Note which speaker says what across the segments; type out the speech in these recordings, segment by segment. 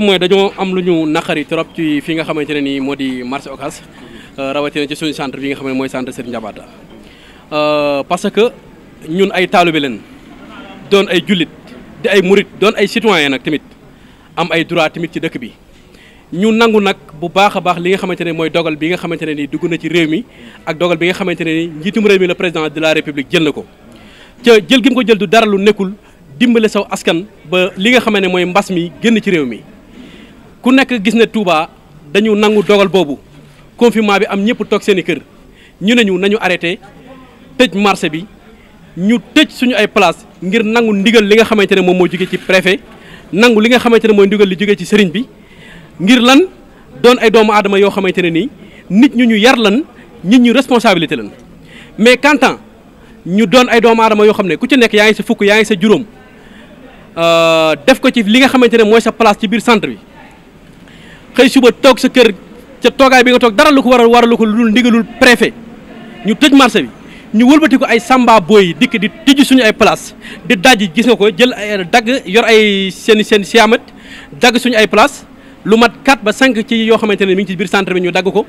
Speaker 1: mooy dañoo am lu ñu naqari trop ci fii nga xamante ne nii moo di marché Ocass euh, rawatina ci suñu centre bi nga xam ne mooy centre Serigne Diabata euh, parce que ñun ay taalibe leen doon ay jullit di ay murit doon ay citoyen nag tamit am ay droit tamit ci dëkk bi ñu nangu nag bu baax a baax li nga xamante ne mooy dogal bi nga xamante ne nii dugg na ci réew mi ak dogal bi nga xamante ne nii njiitum réew mi le président de la république jël na ko ca jël gi mu ko jël du dara lu nekkul dimbale saw askan ba li nga mooy mbas mi génn ci réew mi ku nekk gis ne Touba dañu nangu dogal boobu confinement bi am ñëpp toog seen i kër ñu ne ñu nañu arrêté tëj marché bi ñu tëj suñu ay place ngir nangu ndigal li nga xamante ne moom moo jógee ci préfet nangu li nga xamante ne mooy ndigal li jógee ci sëriñ bi ngir lan doon ay doomu aadama yoo xamante ne nii nit ñu ñu yar lan nit ñu responsabilité lan mais kantan ñu doon ay doomu aadama yoo xam ne ku ci nekk yaa ngi sa fukk yaa ngi sa juróom euh, def ko ci li nga xamante ne mooy sa place ci biir centre bi xëy suba toog sa kër ca toogaay bi nga toog dara lu ko waral waralu ko lu dul ndigalul préfet ñu tëj marché bi ñu wëlbati ko ay samba booy dikk di tijji suñu ay place di dajji gis nga ko jël ay dagg yor ay seen seen siamat dagg suñu ay place lu mat 4 ba 5 ci yoo xamante ne mi ci biir centre bi ñu dagg ko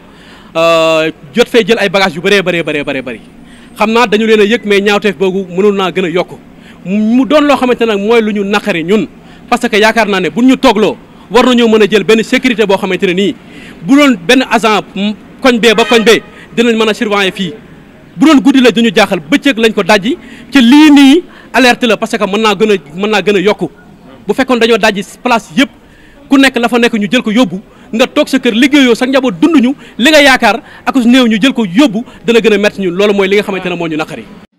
Speaker 1: euh, jot fee jël ay bagages yu bëree bëree bëree bëree bëri xam naa dañu leen a yëg mais ñaawteef boobu mënul naa gën a yokk mu doon loo xamante nag mooy lu ñu naqari ñun parce que yaakaar naa ne buñ ñu toogloo war nañoo mën a jël benn sécurité boo xamante ne nii bu doon benn agent koñ bee ba koñ bee dinañ mën a surveiller fii bu doon guddi la duñu jaaxal bëccëg lañ ko dajji ci lii nii alerte la parce que mën naa gën a mën naa gën a yokku bu fekkoon dañoo dajji place yëpp ku nekk la fa nekk ñu jël ko yóbbu nga toog sa kër liggéeyoo sa njaboot dunduñu li nga yaakaar ak su néew ñu jël ko yóbbu dana gën a metti ñu loolu mooy li nga xamante ne moo ñu naqari